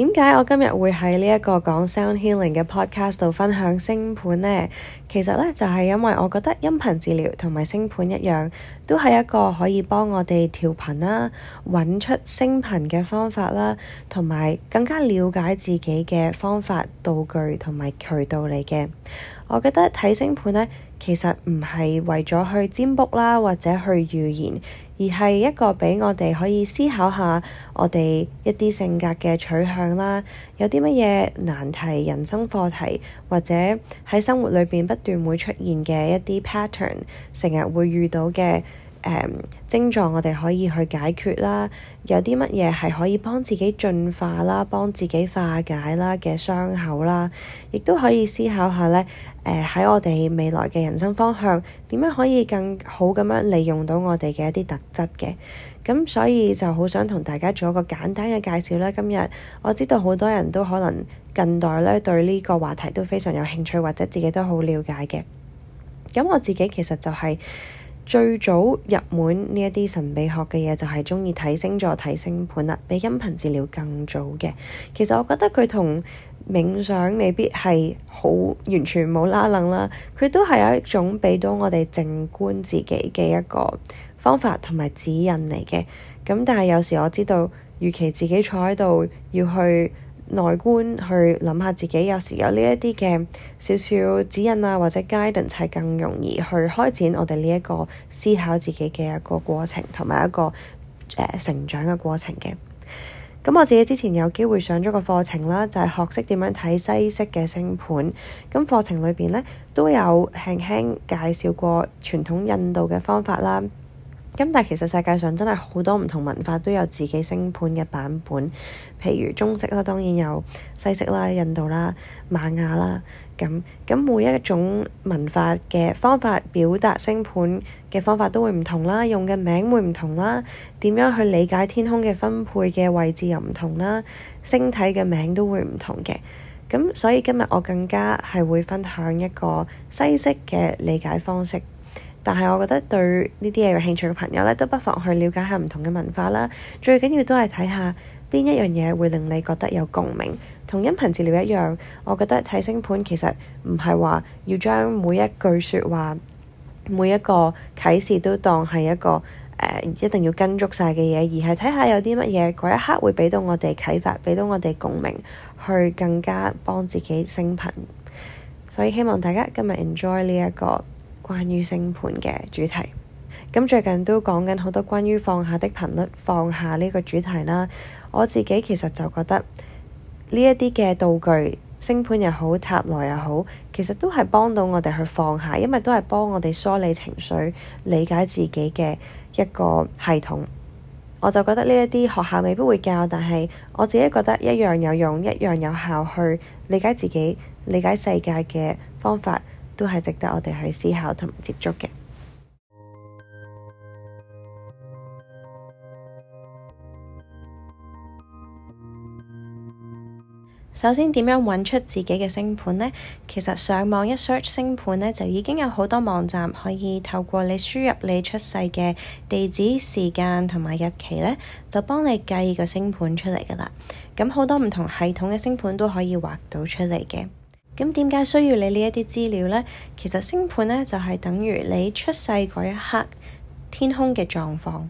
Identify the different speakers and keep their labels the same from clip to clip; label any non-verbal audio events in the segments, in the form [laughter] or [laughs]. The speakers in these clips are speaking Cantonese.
Speaker 1: 點解我今日會喺呢一個講 sound healing 嘅 podcast 度分享星盤呢？其實呢，就係因為我覺得音頻治療同埋星盤一樣，都係一個可以幫我哋調頻啦、揾出聲頻嘅方法啦，同埋更加了解自己嘅方法、道具同埋渠道嚟嘅。我覺得睇星盤呢，其實唔係為咗去占卜啦，或者去預言，而係一個畀我哋可以思考下我哋一啲性格嘅取向啦，有啲乜嘢難題、人生課題，或者喺生活裏邊不斷會出現嘅一啲 pattern，成日會遇到嘅。誒症狀，我哋可以去解決啦。有啲乜嘢係可以幫自己進化啦，幫自己化解啦嘅傷口啦，亦都可以思考下咧。誒、呃、喺我哋未來嘅人生方向，點樣可以更好咁樣利用到我哋嘅一啲特質嘅？咁所以就好想同大家做一個簡單嘅介紹啦。今日我知道好多人都可能近代咧，對呢個話題都非常有興趣，或者自己都好了解嘅。咁我自己其實就係、是。最早入門呢一啲神秘學嘅嘢，就係鍾意睇星座、睇星盤啦，比音頻治療更早嘅。其實我覺得佢同冥想未必係好完全冇拉楞啦，佢都係一種畀到我哋靜觀自己嘅一個方法同埋指引嚟嘅。咁但係有時我知道，與其自己坐喺度要去。內觀去諗下自己，有時有呢一啲嘅少少指引啊，或者 guidance，就係更容易去開展我哋呢一個思考自己嘅一個過程同埋一個誒、呃、成長嘅過程嘅。咁我自己之前有機會上咗個課程啦，就係、是、學識點樣睇西式嘅星盤。咁課程裏邊咧都有輕輕介紹過傳統印度嘅方法啦。咁但係其實世界上真係好多唔同文化都有自己星盤嘅版本，譬如中式啦，當然有西式啦、印度啦、瑪雅啦咁。咁每一種文化嘅方法表達星盤嘅方法都會唔同啦，用嘅名會唔同啦，點樣去理解天空嘅分配嘅位置又唔同啦，星體嘅名都會唔同嘅。咁所以今日我更加係會分享一個西式嘅理解方式。但係，我覺得對呢啲嘢有興趣嘅朋友咧，都不妨去了解下唔同嘅文化啦。最緊要都係睇下邊一樣嘢會令你覺得有共鳴。同音頻治療一樣，我覺得睇星盤其實唔係話要將每一句説話、每一個啟示都當係一個誒、呃、一定要跟足晒嘅嘢，而係睇下有啲乜嘢嗰一刻會畀到我哋啟發、畀到我哋共鳴，去更加幫自己升頻。所以希望大家今日 enjoy 呢一個，關於星盤嘅主題，咁最近都講緊好多關於放下的頻率、放下呢個主題啦。我自己其實就覺得呢一啲嘅道具，星盤又好、塔羅又好，其實都係幫到我哋去放下，因為都係幫我哋梳理情緒、理解自己嘅一個系統。我就覺得呢一啲學校未必會教，但係我自己覺得一樣有用、一樣有效去理解自己、理解世界嘅方法。都係值得我哋去思考同埋接觸嘅。首先，點樣揾出自己嘅星盤呢？其實上網一 search 星盤呢，就已經有好多網站可以透過你輸入你出世嘅地址、時間同埋日期呢，就幫你計個星盤出嚟噶啦。咁好多唔同系統嘅星盤都可以畫到出嚟嘅。咁點解需要你呢一啲資料咧？其實星盤咧就係等於你出世嗰一刻天空嘅狀況，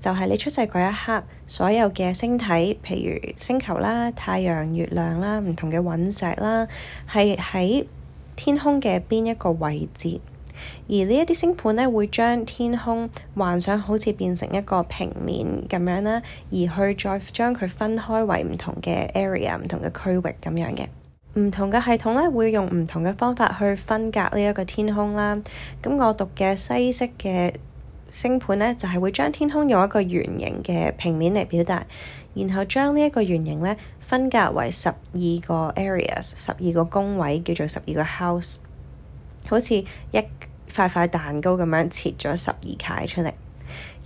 Speaker 1: 就係你出世嗰一刻所有嘅星體，譬如，星球啦、太陽、月亮啦、唔同嘅隕石啦，係喺天空嘅邊一個位置。而呢一啲星盤咧會將天空幻想好似變成一個平面咁樣啦，而去再將佢分開為唔同嘅 area、唔同嘅區域咁樣嘅。唔同嘅系統咧，會用唔同嘅方法去分隔呢一個天空啦。咁我讀嘅西式嘅星盤咧，就係會將天空用一個圓形嘅平面嚟表達，然後將呢一個圓形咧分隔為十二個 areas，十二個宮位叫做十二個 house，好似一塊塊蛋糕咁樣切咗十二塊出嚟。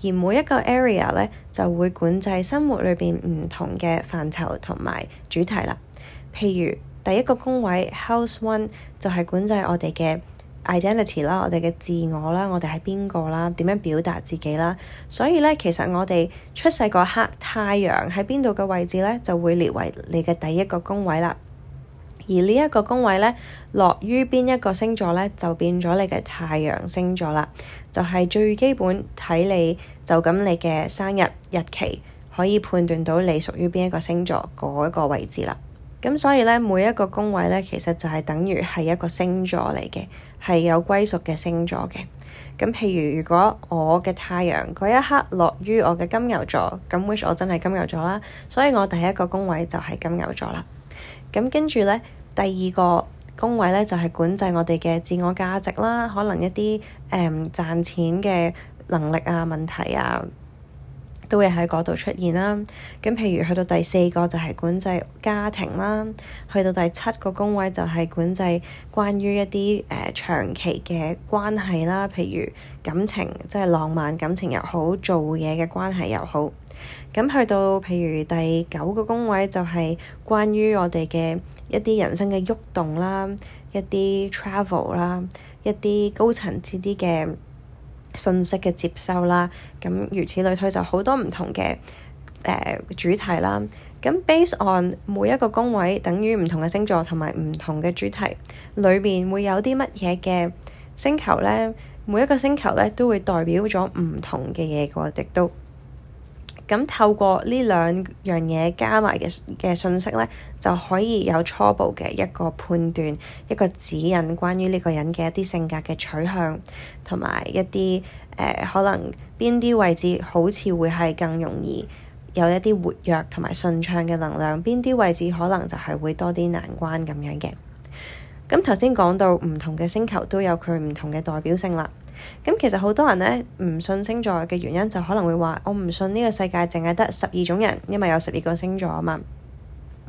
Speaker 1: 而每一個 area 咧就會管制生活裏邊唔同嘅範疇同埋主題啦，譬如～第一個宮位 House One 就係管制我哋嘅 identity 啦，我哋嘅自我啦，我哋係邊個啦，點樣表達自己啦。所以咧，其實我哋出世嗰刻太陽喺邊度嘅位置咧，就會列為你嘅第一個宮位啦。而呢一個宮位咧，落於邊一個星座咧，就變咗你嘅太陽星座啦。就係、是、最基本睇你就咁你嘅生日日期，可以判斷到你屬於邊一個星座嗰一、那個位置啦。咁所以咧，每一個宮位咧，其實就係等於係一個星座嚟嘅，係有歸屬嘅星座嘅。咁譬如如果我嘅太陽嗰一刻落於我嘅金牛座，咁 which 我真係金牛座啦，所以我第一個宮位就係金牛座啦。咁跟住咧，第二個宮位咧就係、是、管制我哋嘅自我價值啦，可能一啲誒賺錢嘅能力啊問題啊。都會喺嗰度出現啦，咁譬如去到第四個就係管制家庭啦，去到第七個宮位就係管制關於一啲誒、呃、長期嘅關係啦，譬如感情即係浪漫感情又好，做嘢嘅關係又好，咁去到譬如第九個宮位就係關於我哋嘅一啲人生嘅喐動啦，一啲 travel 啦，一啲高層次啲嘅，信息嘅接收啦，咁如此類推就好多唔同嘅誒、呃、主題啦。咁 base on 每一個宮位等於唔同嘅星座同埋唔同嘅主題，裏面會有啲乜嘢嘅星球咧？每一個星球咧都會代表咗唔同嘅嘢嘅，我哋都。咁透過呢兩樣嘢加埋嘅嘅信息咧，就可以有初步嘅一個判斷，一個指引關於呢個人嘅一啲性格嘅取向，同埋一啲誒、呃、可能邊啲位置好似會係更容易有一啲活躍同埋順暢嘅能量，邊啲位置可能就係會多啲難關咁樣嘅。咁頭先講到唔同嘅星球都有佢唔同嘅代表性啦。咁其實好多人呢，唔信星座嘅原因，就可能會話我唔信呢個世界淨係得十二種人，因為有十二個星座啊嘛。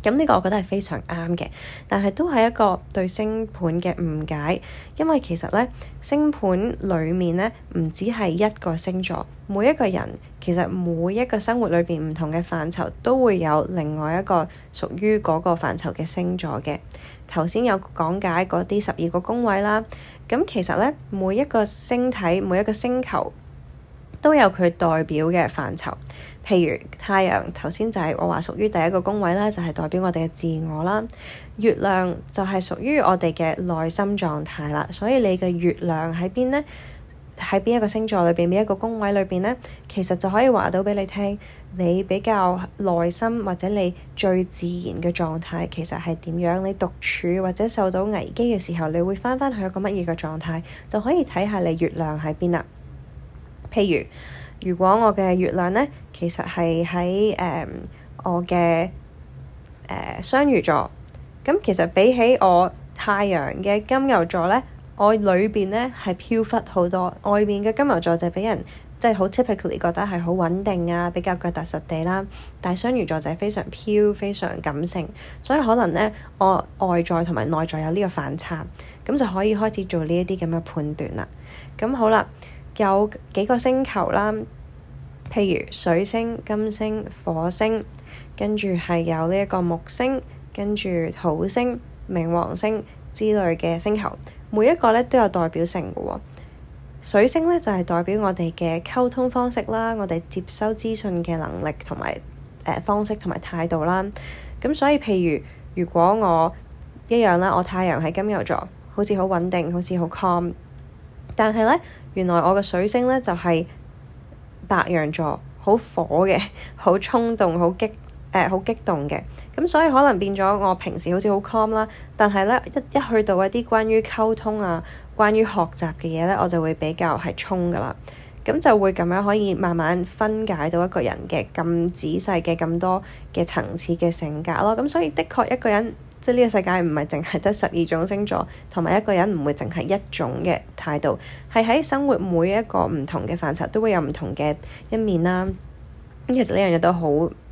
Speaker 1: 咁呢個我覺得係非常啱嘅，但係都係一個對星盤嘅誤解，因為其實呢，星盤裡面呢，唔止係一個星座，每一個人其實每一個生活裏邊唔同嘅範疇都會有另外一個屬於嗰個範疇嘅星座嘅。頭先有講解嗰啲十二個宮位啦。咁其實咧，每一個星體、每一個星球都有佢代表嘅範疇。譬如太陽，頭先就係我話屬於第一個宮位啦，就係代表我哋嘅自我啦。月亮就係屬於我哋嘅內心狀態啦。所以你嘅月亮喺邊咧？喺邊一個星座裏邊，邊一個宮位裏邊咧，其實就可以話到俾你聽。你比較內心或者你最自然嘅狀態其實係點樣？你獨處或者受到危機嘅時候，你會翻返去一個乜嘢嘅狀態，就可以睇下你月亮喺邊啦。譬如，如果我嘅月亮呢，其實係喺誒我嘅誒、uh, 雙魚座，咁其實比起我太陽嘅金牛座呢，我裏邊呢係飄忽好多，外面嘅金牛座就畀人，即係好 typically 覺得係好穩定啊，比較腳踏實地啦。但係雙魚座就係非常飄，非常感性，所以可能呢，我外在同埋內在有呢個反差，咁就可以開始做呢一啲咁嘅判斷啦。咁好啦，有幾個星球啦，譬如水星、金星、火星，跟住係有呢一個木星，跟住土星、冥王星之類嘅星球，每一個呢都有代表性嘅喎啊。水星呢，就係代表我哋嘅溝通方式啦，我哋接收資訊嘅能力同埋誒方式同埋態度啦。咁所以，譬如如果我一樣啦，我太陽喺金牛座，好似好穩定，好似好 calm。但係呢，原來我嘅水星呢，就係白羊座，好火嘅，好衝動，好激誒，好激動嘅。咁所以可能變咗我平時好似好 calm 啦，但係呢，一一去到一啲關於溝通啊～關於學習嘅嘢咧，我就會比較係衝㗎啦，咁就會咁樣可以慢慢分解到一個人嘅咁仔細嘅咁多嘅層次嘅性格咯。咁所以的確一個人即係呢個世界唔係淨係得十二種星座，同埋一個人唔會淨係一種嘅態度，係喺生活每一個唔同嘅範疇都會有唔同嘅一面啦。咁其實呢樣嘢都好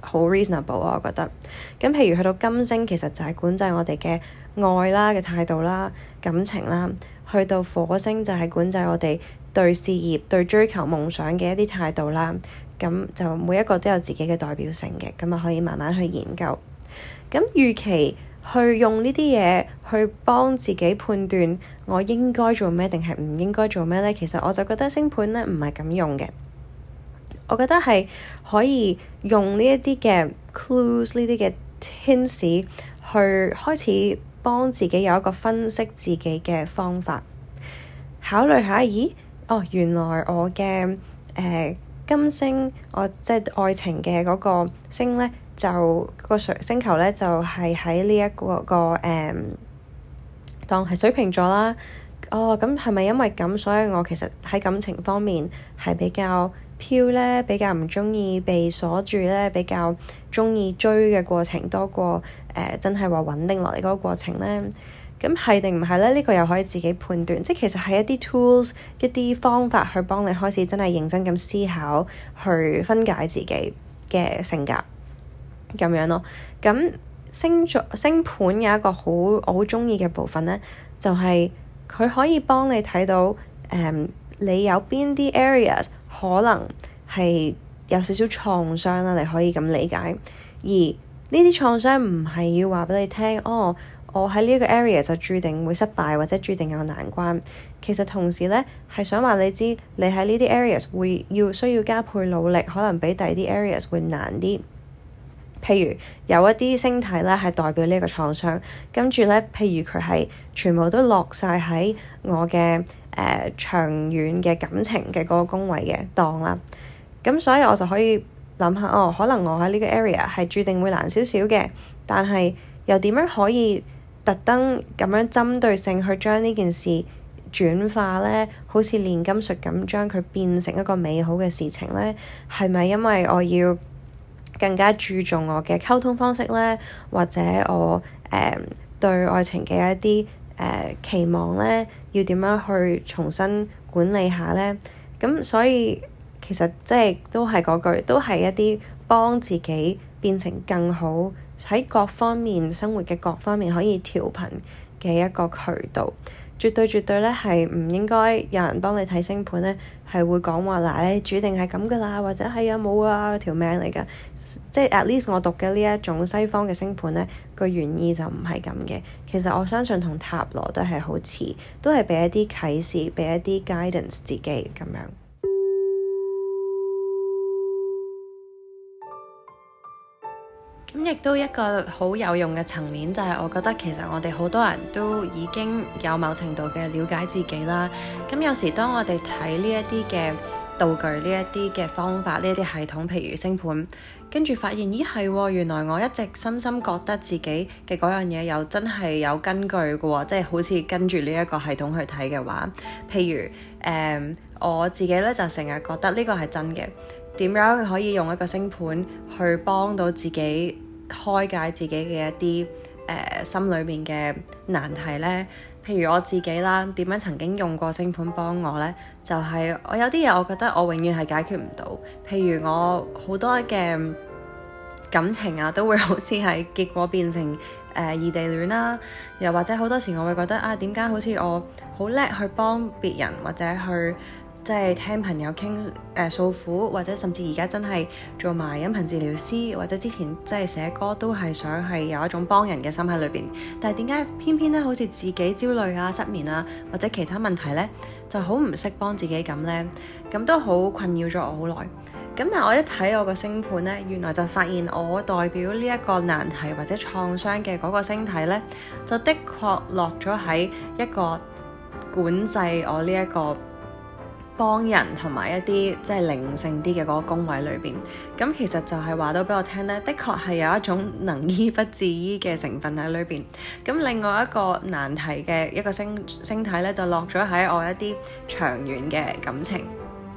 Speaker 1: 好 reasonable 啊，我覺得。咁譬如去到金星，其實就係管制我哋嘅愛啦嘅態度啦、感情啦。去到火星就係、是、管制我哋對事業對追求夢想嘅一啲態度啦，咁就每一個都有自己嘅代表性嘅，咁啊可以慢慢去研究，咁預期去用呢啲嘢去幫自己判斷我應該做咩定係唔應該做咩咧？其實我就覺得星盤咧唔係咁用嘅，我覺得係可以用呢一啲嘅 clues 呢啲嘅 hints 去開始幫自己有一個分析自己嘅方法，考慮下，咦？哦，原來我嘅誒、呃、金星，我即係愛情嘅嗰個星咧，就、嗰個水星球咧，就係喺呢一個、呢個誒、嗯，當係水瓶座啦。哦，咁係咪因為咁，所以我其實喺感情方面係比較～票咧比較唔中意被鎖住咧，比較中意追嘅過程多過誒、呃，真係話穩定落嚟嗰個過程咧。咁係定唔係咧？呢個又可以自己判斷。即係其實係一啲 tools、一啲方法去幫你開始真係認真咁思考，去分解自己嘅性格咁樣咯。咁星座星盤有一個好我好中意嘅部分咧，就係佢可以幫你睇到誒、嗯、你有邊啲 areas。可能係有少少創傷啦，你可以咁理解。而呢啲創傷唔係要話畀你聽，哦，我喺呢個 area 就注定會失敗或者注定有難關。其實同時呢，係想話你知，你喺呢啲 areas 會要需要加倍努力，可能比第啲 areas 會難啲。譬如有一啲星體呢，係代表呢個創傷，跟住呢，譬如佢係全部都落晒喺我嘅誒、呃、長遠嘅感情嘅嗰個宮位嘅當啦，咁所以我就可以諗下哦，可能我喺呢個 area 係注定會難少少嘅，但係又點樣可以特登咁樣針對性去將呢件事轉化咧？好似煉金術咁，將佢變成一個美好嘅事情咧？係咪因為我要更加注重我嘅溝通方式咧，或者我誒、呃、對愛情嘅一啲誒、呃、期望咧？要點樣去重新管理下呢？咁所以其實即係都係嗰句，都係一啲幫自己變成更好，喺各方面生活嘅各方面可以調頻嘅一個渠道。絕對絕對咧係唔應該有人幫你睇星盤咧，係會講話嗱，你注定係咁噶啦，或者係有冇啊條命嚟㗎。即係 at least 我讀嘅呢一種西方嘅星盤咧，個原意就唔係咁嘅。其實我相信同塔羅都係好似，都係畀一啲啟示，畀一啲 guidance 自己咁樣。
Speaker 2: 咁亦都一個好有用嘅層面，就係、是、我覺得其實我哋好多人都已經有某程度嘅了解自己啦。咁有時當我哋睇呢一啲嘅道具、呢一啲嘅方法、呢一啲系統，譬如星盤，跟住發現咦係，原來我一直深深覺得自己嘅嗰樣嘢有真係有根據嘅喎，即係好似跟住呢一個系統去睇嘅話，譬如誒、呃、我自己咧就成日覺得呢個係真嘅。點樣可以用一個星盤去幫到自己？開解自己嘅一啲誒、呃、心裏面嘅難題呢，譬如我自己啦，點樣曾經用過星盤幫我呢？就係、是、我有啲嘢，我覺得我永遠係解決唔到，譬如我好多嘅感情啊，都會好似係結果變成誒異、呃、地戀啦、啊，又或者好多時我會覺得啊，點解好似我好叻去幫別人或者去。即係聽朋友傾誒訴苦，或者甚至而家真係做埋音頻治療師，或者之前即係寫歌，都係想係有一種幫人嘅心喺裏邊。但係點解偏偏咧，好似自己焦慮啊、失眠啊或者其他問題呢，就好唔識幫自己咁呢？咁都好困擾咗我好耐。咁但係我一睇我個星盤呢，原來就發現我代表呢一個難題或者創傷嘅嗰個星體呢，就的確落咗喺一個管制我呢、這、一個。幫人同埋一啲即係靈性啲嘅嗰個宮位裏邊，咁其實就係話到俾我聽呢，的確係有一種能醫不自醫嘅成分喺裏邊。咁另外一個難題嘅一個星星體呢，就落咗喺我一啲長遠嘅感情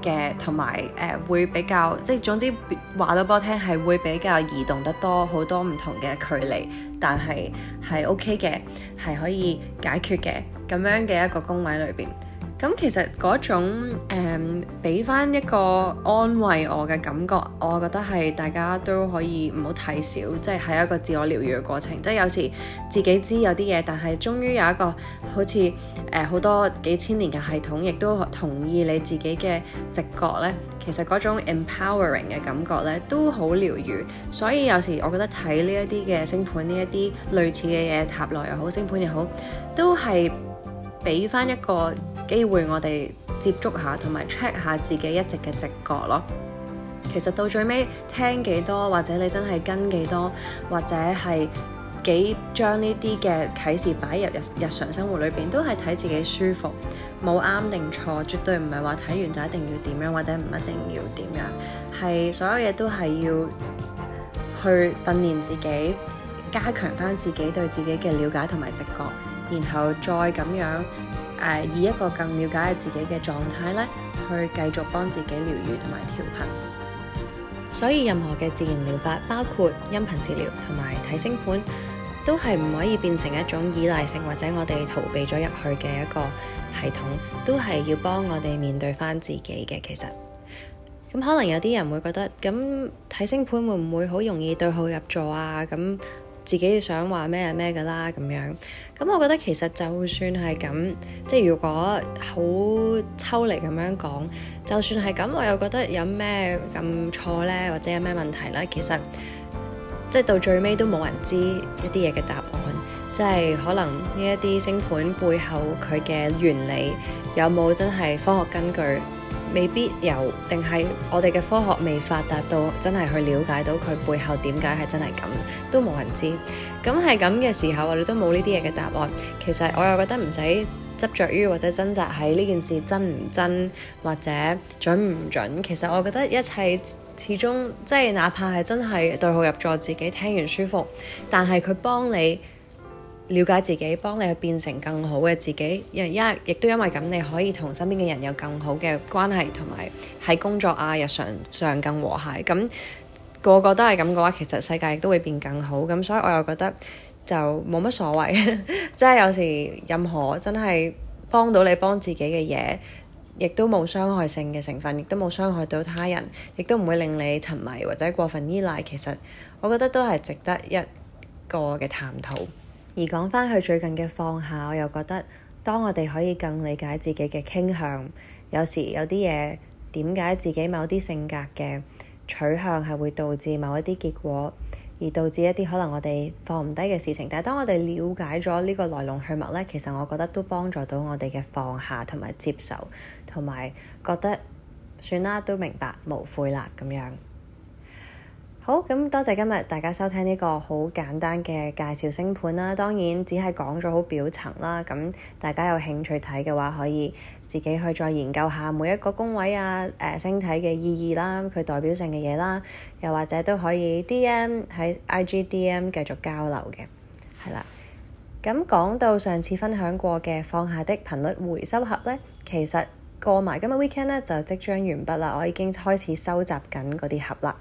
Speaker 2: 嘅同埋誒，會比較即係總之話到俾我聽，係會比較移動得多好多唔同嘅距離，但係係 OK 嘅，係可以解決嘅咁樣嘅一個宮位裏邊。咁其實嗰種誒俾翻一個安慰我嘅感覺，我覺得係大家都可以唔好睇少，即係係一個自我療愈嘅過程。即係有時自己知有啲嘢，但係終於有一個好似誒好多幾千年嘅系統，亦都同意你自己嘅直覺呢，其實嗰種 empowering 嘅感覺呢都好療愈。所以有時我覺得睇呢一啲嘅星盤，呢一啲類似嘅嘢塔羅又好，星盤又好，都係俾翻一個機會我哋接觸下，同埋 check 下自己一直嘅直覺咯。其實到最尾聽幾多，或者你真係跟幾多，或者係幾將呢啲嘅啟示擺入日日常生活裏邊，都係睇自己舒服，冇啱定錯，絕對唔係話睇完就一定要點樣，或者唔一定要點樣，係所有嘢都係要去訓練自己，加強返自己對自己嘅了解同埋直覺，然後再咁樣。誒，以一個更了解自己嘅狀態咧，去繼續幫自己療癒同埋調頻。所以任何嘅自然療法，包括音頻治療同埋睇星盤，都係唔可以變成一種依賴性或者我哋逃避咗入去嘅一個系統，都係要幫我哋面對翻自己嘅。其實咁可能有啲人會覺得，咁睇星盤會唔會好容易對號入座啊？咁自己想話咩係咩噶啦，咁樣咁，我覺得其實就算係咁，即係如果好抽離咁樣講，就算係咁，我又覺得有咩咁錯呢，或者有咩問題呢？其實即係、就是、到最尾都冇人知一啲嘢嘅答案，即、就、係、是、可能呢一啲星盤背後佢嘅原理有冇真係科學根據？未必有，定係我哋嘅科學未發達到，真係去了解到佢背後點解係真係咁，都冇人知。咁係咁嘅時候，我哋都冇呢啲嘢嘅答案。其實我又覺得唔使執着於或者掙扎喺呢件事真唔真或者準唔準，其實我覺得一切始終即係哪怕係真係對號入座，自己聽完舒服，但係佢幫你。了解自己，幫你去變成更好嘅自己。一因亦都因為咁，你可以同身邊嘅人有更好嘅關係，同埋喺工作啊、日常上更和諧。咁個個都係咁嘅話，其實世界亦都會變更好。咁所以我又覺得就冇乜所謂。 [laughs] 即係有時任何真係幫到你幫自己嘅嘢，亦都冇傷害性嘅成分，亦都冇傷害到他人，亦都唔會令你沉迷或者過分依賴。其實我覺得都係值得一個嘅探討。而講返佢最近嘅放下，我又覺得當我哋可以更理解自己嘅傾向，有時有啲嘢點解自己某啲性格嘅取向係會導致某一啲結果，而導致一啲可能我哋放唔低嘅事情。但係當我哋了解咗呢個來龍去脈咧，其實我覺得都幫助到我哋嘅放下同埋接受，同埋覺得算啦，都明白無悔啦咁樣。好咁，多謝今日大家收聽呢個好簡單嘅介紹星盤啦。當然只係講咗好表層啦。咁大家有興趣睇嘅話，可以自己去再研究下每一個宮位啊、誒、呃、星體嘅意義啦，佢代表性嘅嘢啦，又或者都可以 D M 喺 I G D M 繼續交流嘅，係啦。咁講到上次分享過嘅放下的頻率回收盒呢，其實過埋今日 weekend 呢就即將完畢啦。我已經開始收集緊嗰啲盒啦。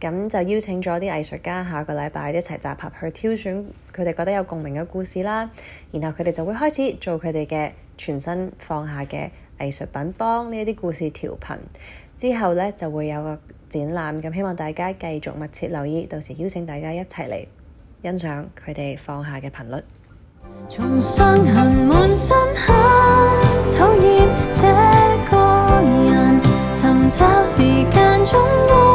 Speaker 2: 咁就邀請咗啲藝術家下個禮拜一齊集合去挑選佢哋覺得有共鳴嘅故事啦，然後佢哋就會開始做佢哋嘅全身放下嘅藝術品，幫呢啲故事調頻。之後呢，就會有個展覽，咁希望大家繼續密切留意，到時邀請大家一齊嚟欣賞佢哋放下嘅頻率。從上行滿身痕，討厭這個人尋找時間中